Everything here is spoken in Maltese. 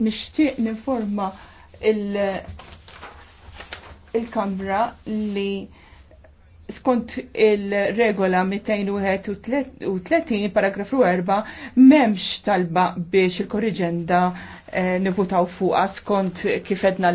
nixtieq ninforma il-Kamra il li skont il-regola 231 paragrafu 4 memx talba biex il-korriġenda eh, nivutaw fuqa skont kifedna